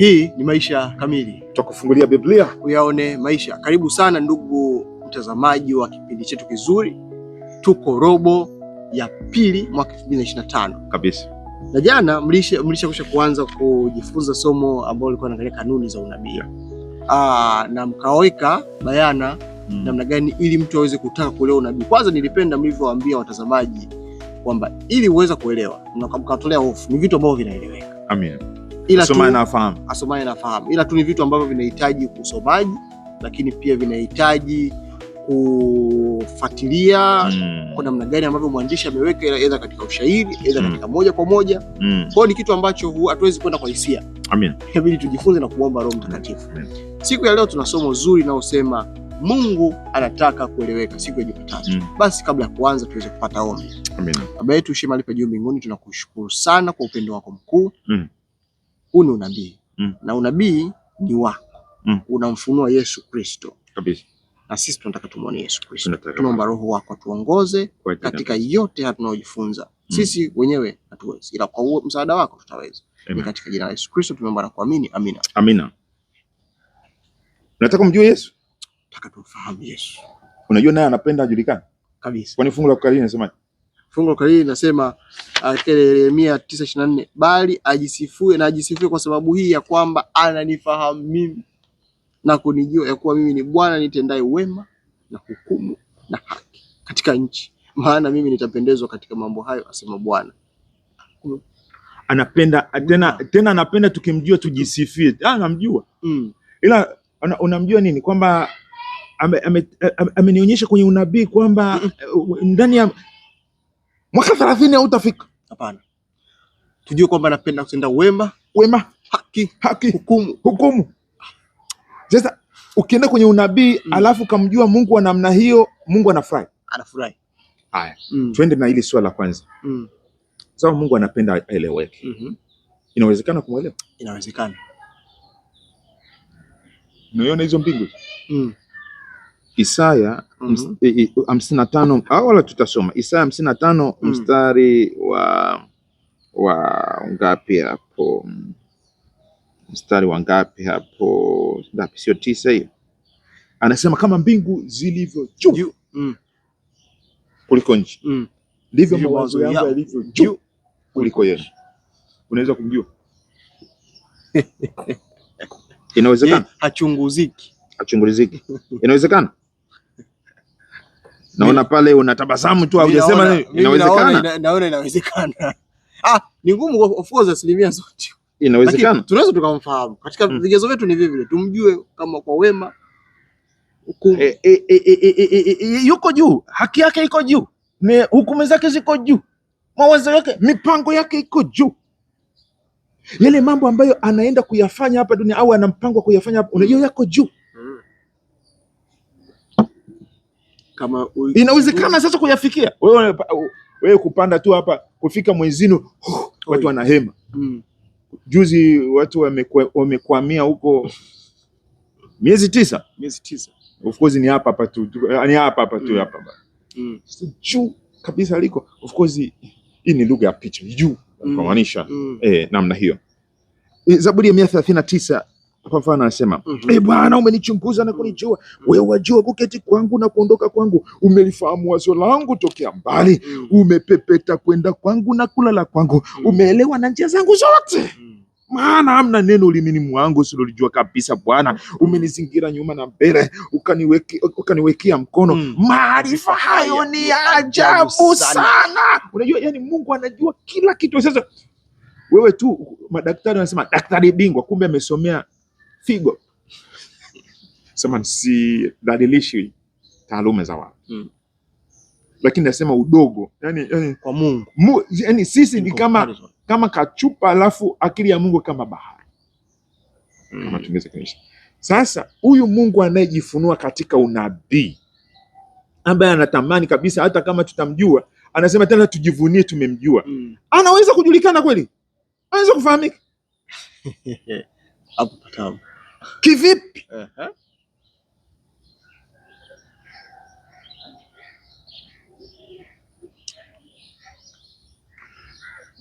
Hii ni Maisha Kamili, tutakufungulia Biblia uyaone maisha. Karibu sana ndugu mtazamaji wa kipindi chetu kizuri. Tuko robo ya pili mwaka 2025 kabisa, na jana kusha kuanza kujifunza somo ambalo lilikuwa naangalia kanuni za unabii Aa, na mkaweka bayana hmm, namna gani ili mtu aweze kutaka kuelewa unabii. Kwanza nilipenda mlivyowaambia watazamaji kwamba ili uweze kuelewa, mkatolea hofu ni vitu ambavyo vinaeleweka. Amen ila asomaye na afahamu, asomaye na afahamu, ila tu ni vitu ambavyo vinahitaji usomaji, lakini pia vinahitaji kufuatilia mm. kwa namna gani ambavyo mwandishi ameweka, aidha katika ushairi, aidha mm. katika mm. moja kwa moja mm. kwao ni kitu ambacho hatuwezi kwenda kwa hisia. Amina, inabidi tujifunze na kuomba Roho Mtakatifu. Siku ya leo tuna somo zuri linalosema Mungu anataka kueleweka, siku ya Jumatatu mm. Basi kabla ya kuanza tuweze kupata ombi. Amina. Baba yetu ushimalipa juu mbinguni, tunakushukuru sana kwa upendo wako mkuu mm huu ni unabii mm. na unabii ni wako mm. unamfunua Yesu Kristo kabisa, na sisi tunataka tumuone Yesu Kristo. Tunaomba Roho wako atuongoze katika yote haya tunayojifunza mm. sisi wenyewe hatuwezi, ila kwa msaada wako tutaweza. Ni katika jina la Yesu Kristo tumeomba na kuamini, amina. Amina. Nataka mjue Yesu, nataka tumfahamu Yesu. Unajua naye anapenda ajulikane kabisa, kwani fungu la kukariri nasemaje? Fungu la hili linasema Yeremia uh, 9:24 bali ajisifue na ajisifue kwa sababu hii ya kwamba ananifahamu mimi na kunijua ya kuwa mimi ni Bwana nitendaye wema na hukumu na haki katika nchi, maana mimi nitapendezwa katika mambo hayo, asema Bwana. Anapenda tena tena, anapenda tukimjua tujisifie. Ah, namjua mm. Ila unamjua nini? Kwamba amenionyesha ame, ame kwenye unabii kwamba uh, ndani ya Mwaka thelathini hautafika. Hapana, tujue kwamba napenda kutenda wema, wema, haki, haki, hukumu, hukumu. Sasa ukienda kwenye unabii mm. alafu kamjua Mungu wa namna hiyo, Mungu anafurahi, anafurahi. Haya, mm. tuende na hili swala la kwanza mm. sababu Mungu anapenda aeleweke. mm -hmm. Inawezekana kumwelewa, inawezekana. Unaiona hizo mbingu mm. Isaya mhm. hamsini na tano awala tutasoma Isaya hamsini na tano mhm. mstari wa wa ngapi hapo? Mstari wa ngapi hapo? Ngapi? Sio tisa hiyo? Anasema kama mbingu zilivyo juu mm. kuliko nchi mm. ndivyo mawazo yangu yalivyo juu kuliko yenu. Unaweza kumjua? Inawezekana, hachunguziki, hachunguziki. Inawezekana naona pale unatabasamu tu, haujasema inawezekana. Naona inawezekana. Ah, ni ngumu of course, asilimia zote inawezekana. Tunaweza tukamfahamu katika hmm. vigezo vyetu, ni vivile tumjue kama kwa wema e, e, e, yuko juu, haki yake iko juu, hukumu zake ziko juu, mawazo yake, mipango yake iko juu yale mambo ambayo anaenda kuyafanya hapa dunia au ana mpango wa kuyafanya hapa, unajua yako juu. kama inawezekana sasa kuyafikia wewe, wewe kupanda tu hapa kufika mwezini oh, watu wanahema mm. Juzi watu wamekwamia huko miezi tisa, miezi tisa. Of course ni hapa hapa tu, ni hapa hapa tu mm. hapa mm. juu kabisa liko. Of course hii ni lugha ya picha juu mm. maanisha mm. eh, namna hiyo eh, Zaburi ya mia thelathini na tisa kwa mfano anasema mm -hmm. E Bwana, umenichunguza na kunijua mm -hmm. Wewe wajua kuketi kwangu na kuondoka kwangu, umelifahamu wazo langu tokea mbali mm -hmm. Umepepeta kwenda kwangu na kulala kwangu mm -hmm. Umeelewa na njia zangu zote mm -hmm maana amna neno ulimini mwangu silolijua kabisa. Bwana, mhm. umenizingira nyuma na mbele, ukaniwekea mkono mm. Maarifa hayo ni ya ajabu sana. Unajua, yani Mungu anajua kila kitu. Sasa wewe tu, madaktari wanasema daktari bingwa, kumbe amesomea figo. Sema sidhalilishi taaluma za watu mm. Lakini nasema udogo yani, yani, kwa Mungu mu, yani sisi ni kama, kama kachupa alafu akili ya Mungu kama bahari mm. Kama hmm. tungeza sasa, huyu Mungu anayejifunua katika unabii ambaye anatamani kabisa hata kama tutamjua, anasema tena tujivunie tumemjua mm. Anaweza kujulikana kweli, anaweza kufahamika Kivipi? uh -huh.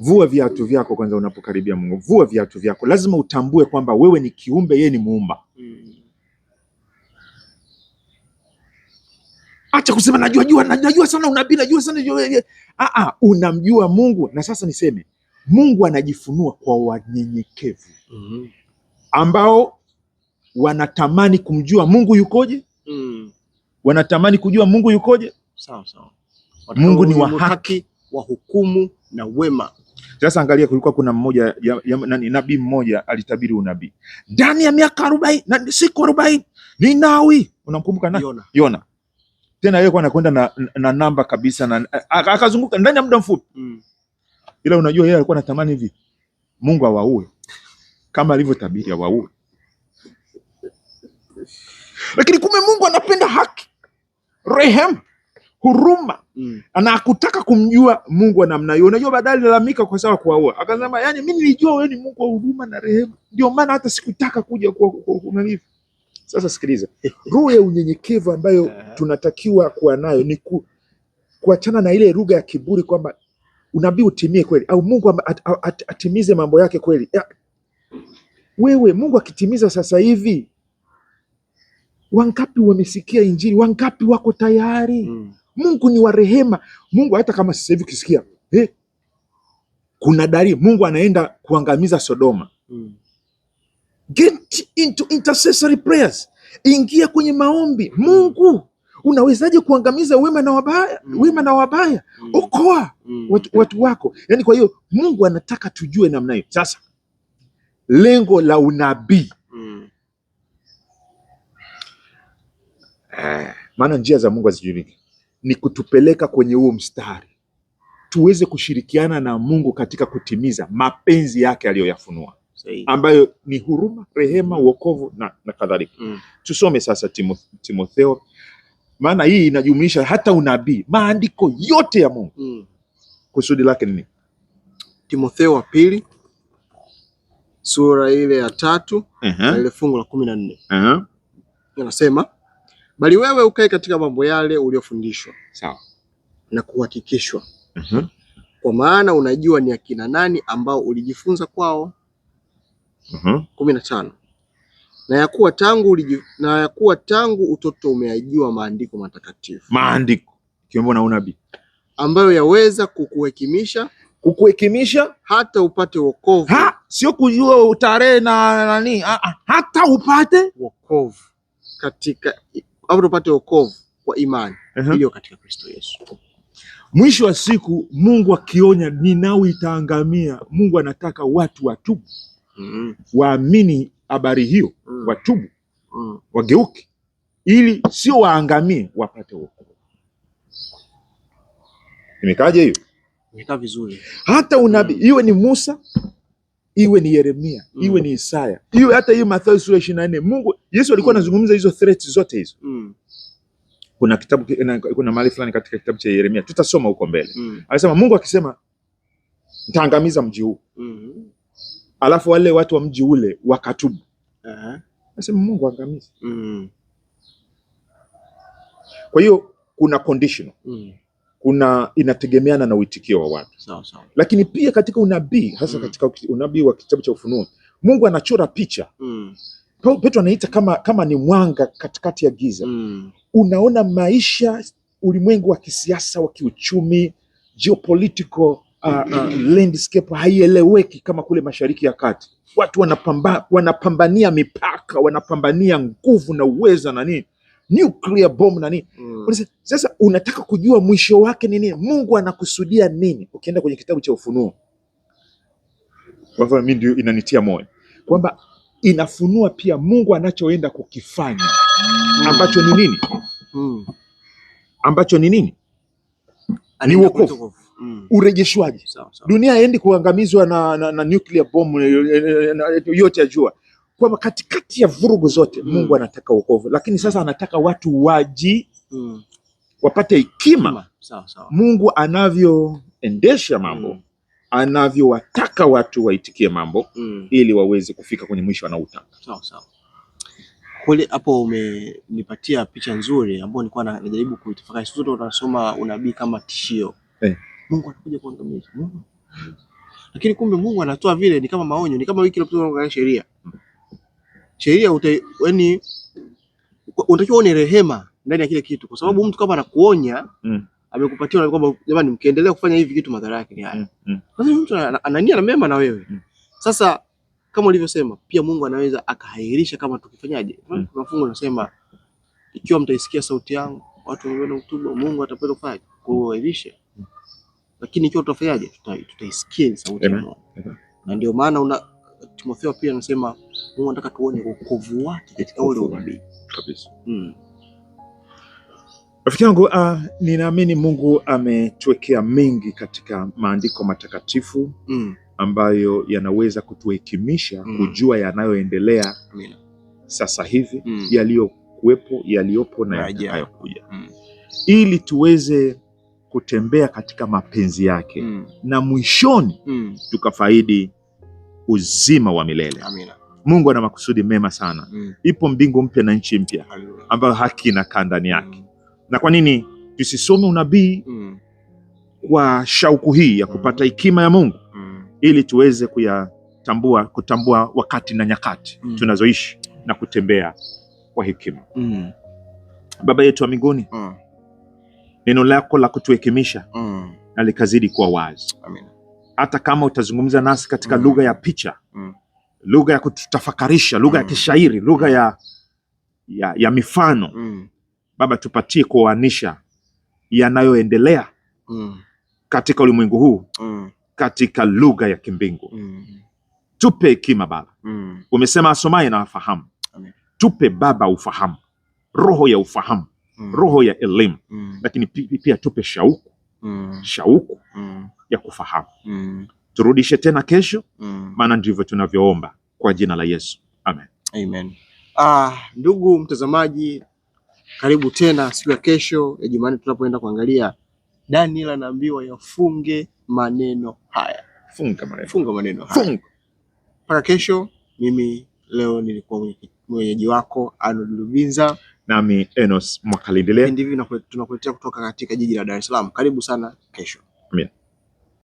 Vua viatu vyako kwanza, unapokaribia Mungu vua viatu vyako. Lazima utambue kwamba wewe ni kiumbe, yeye ni muumba. hmm. Acha kusema najua jua, najua sana unabii, najua sana jua. Aa, unamjua Mungu. Na sasa niseme Mungu anajifunua kwa wanyenyekevu mm-hmm. ambao wanatamani kumjua Mungu yukoje? mm. wanatamani kujua Mungu yukoje? sawa sawa. Mungu ni wa haki, wa hukumu na wema. Sasa angalia, kulikuwa kuna mmoja nabii mmoja alitabiri unabii ndani ya miaka arobaini siku arobaini ni Nawi, unamkumbuka na Yona, Yona. Tena yeye kwa anakwenda na, na namba kabisa na akazunguka ndani ya muda mfupi mm. Ila unajua yeye alikuwa anatamani hivi Mungu awaue kama alivyotabiri awaue lakini kumbe Mungu anapenda haki, rehem huruma mm. na akutaka kumjua Mungu wa namna hiyo. Unajua, baadaye alilalamika kwa sababu kuwaua, akasema yani, mimi nilijua wewe ni Mungu wa huruma na rehema, ndio maana hata sikutaka kuja kwa unanifu. Sasa sikiliza, roho ya unyenyekevu ambayo tunatakiwa kuwa nayo ni ku, kuachana na ile lugha ya kiburi kwamba unabii utimie kweli au Mungu at, at, at, atimize mambo yake kweli. ya, Wewe Mungu akitimiza sasa hivi Wangapi wamesikia Injili? Wangapi wako tayari? mm. Mungu ni wa rehema. Mungu hata kama sasa hivi ukisikia hey, eh, kuna dalili Mungu anaenda kuangamiza Sodoma. mm. Get into intercessory prayers, ingia kwenye maombi. mm. Mungu unawezaje kuangamiza wema na wabaya? mm. wema na wabaya mm. okoa mm. watu, watu wako. Yani kwa hiyo Mungu anataka tujue namna hiyo. Sasa lengo la unabii eh, maana njia za Mungu hazijulikani. Ni kutupeleka kwenye huo mstari tuweze kushirikiana na Mungu katika kutimiza mapenzi yake aliyoyafunua ambayo ni huruma, rehema, uokovu mm. na, na kadhalika mm. Tusome sasa Timotheo, maana hii inajumlisha hata unabii, maandiko yote ya Mungu mm. Kusudi lake nini? Timotheo wa pili sura ile ya tatu uh -huh. na ile fungu la kumi na nne uh -huh. anasema bali wewe ukae katika mambo yale uliyofundishwa, sawa na kuhakikishwa uh mhm. -huh. Kwa maana unajua ni akina nani ambao ulijifunza kwao. uh mhm. -huh. kumi na tano na ya kuwa tangu uliju, na ya kuwa tangu utoto umeajua maandiko matakatifu, maandiko ikiwemo na unabii, ambayo yaweza kukuhekimisha kukuhekimisha hata upate wokovu. Ha, sio kujua tarehe na nani, ah, ah. hata upate wokovu katika au tupate wokovu kwa imani uh-huh, iliyo katika Kristo Yesu. Mwisho wa siku Mungu akionya Ninawi itaangamia, Mungu anataka watu watubu, mm -hmm. waamini habari hiyo, mm -hmm. watubu, mm -hmm. wageuke, ili sio waangamie, wapate wokovu. Imekaaje hiyo? Imekaa vizuri. Hata unabii mm -hmm. iwe ni Musa iwe ni Yeremia mm. iwe ni Isaya iwe hata hii Mathayo sura ishirini na nne Mungu Yesu alikuwa mm. anazungumza mm. hizo threats zote hizo mm. kuna kitabu kuna mahali fulani katika kitabu cha Yeremia tutasoma huko mbele mm. alisema Mungu akisema nitaangamiza mji huu mm. alafu wale watu wa mji ule wakatubu uh -huh. Mungu angamiza mm. kwa hiyo kuna conditional mm kuna inategemeana na uitikio wa watu sawa sawa. Lakini pia katika unabii hasa mm. katika unabii wa kitabu cha Ufunuo Mungu anachora picha mm. Petro anaita kama, kama ni mwanga katikati ya giza mm. Unaona maisha, ulimwengu wa kisiasa, wa kiuchumi, geopolitical uh, uh, landscape haieleweki kama kule Mashariki ya Kati, watu wanapamba, wanapambania mipaka, wanapambania nguvu na uweza na nini nuclear bomb na nini mm. Sasa unataka kujua mwisho wake ni nini, Mungu anakusudia nini? Ukienda kwenye kitabu cha Ufunuo, kwa hivyo mimi ndio inanitia moyo kwamba inafunua pia Mungu anachoenda kukifanya mm. ambacho ni nini mm. ambacho ni nini ni wokovu mm. urejeshwaji. Dunia haendi kuangamizwa na, na, na nuclear bomb eh, eh, eh, yote ya jua kwamba katikati ya vurugu zote mm. Mungu anataka wokovu, lakini sasa anataka watu waji mm. wapate hekima Mungu anavyoendesha mambo mm. anavyowataka watu waitikie mambo mm. ili waweze kufika kwenye mwisho anaotaka. Sawa sawa. Kweli hapo umenipatia picha nzuri ambayo nilikuwa najaribu kuitafakari. Sisi tunasoma unabii kama tishio eh. Mungu anakuja kuangamiza, lakini kumbe Mungu anatoa vile ni kama maonyo, ni kama wiki iliyopita sheria mm sheria yani unatakiwa ni rehema ndani ya kile kitu, kwa sababu mm. mtu kama anakuonya mm. amekupatia kwamba jamani, mkiendelea kufanya hivi kitu madhara yake ni haya. Mm, mm. Sasa mtu anania na mema na wewe mm. Sasa kama ulivyosema, pia Mungu anaweza akahairisha kama tukifanyaje. Kuna mm. fungu nasema ikiwa mtaisikia sauti yangu watu wanaona utubu, Mungu atapenda kufanya kuwaelisha mm. lakini ikiwa tutafanyaje, tutaisikia sauti ya na ndio maana una Timotheo pia anasema Mungu anataka tuone wokovu wake katika ule unabii kabisa. Mm. Rafiki yangu, uh, ninaamini Mungu ametuwekea mengi katika maandiko matakatifu mm. ambayo yanaweza kutuhekimisha mm. kujua yanayoendelea sasa hivi mm. yaliyokuwepo, yaliyopo na yatakayokuja mm. ili tuweze kutembea katika mapenzi yake mm. na mwishoni mm. tukafaidi uzima wa milele. Amina. Mungu ana makusudi mema sana mm. Ipo mbingu mpya na nchi mpya ambayo haki inakaa ndani yake mm. Na kwa nini tusisome unabii mm. kwa shauku hii ya mm. kupata hekima ya Mungu mm. ili tuweze kuyatambua, kutambua wakati na nyakati mm. tunazoishi na kutembea kwa hekima mm. Baba yetu wa mbinguni mm. neno lako la kutuhekimisha mm. na likazidi kuwa wazi Amen. Hata kama utazungumza nasi katika mm. lugha ya picha mm lugha ya kututafakarisha, mm. lugha mm. ya kishairi, lugha ya, ya, ya mifano mm. Baba, tupatie kuoanisha yanayoendelea mm. katika ulimwengu huu mm. katika lugha ya kimbingu mm. tupe hekima Baba mm. umesema asomaye na afahamu. Amen. Tupe Baba ufahamu, roho ya ufahamu mm. roho ya elimu mm. lakini pia tupe shauku mm. shauku mm. ya kufahamu mm turudishe tena kesho, mm. maana mm. ndivyo tunavyoomba kwa jina la Yesu Amen. Amen. Ah, ndugu mtazamaji, karibu tena siku ya kesho ya Jumanne tunapoenda kuangalia Daniel anaambiwa yafunge maneno haya, funga maneno, funga maneno haya mpaka kesho. Mimi leo nilikuwa mwenyeji wako Arnold Lubinza nami Enos Mwakalindile, ndivyo tunakuletea kutoka katika jiji la Dar es Salaam. Karibu sana kesho. Amen.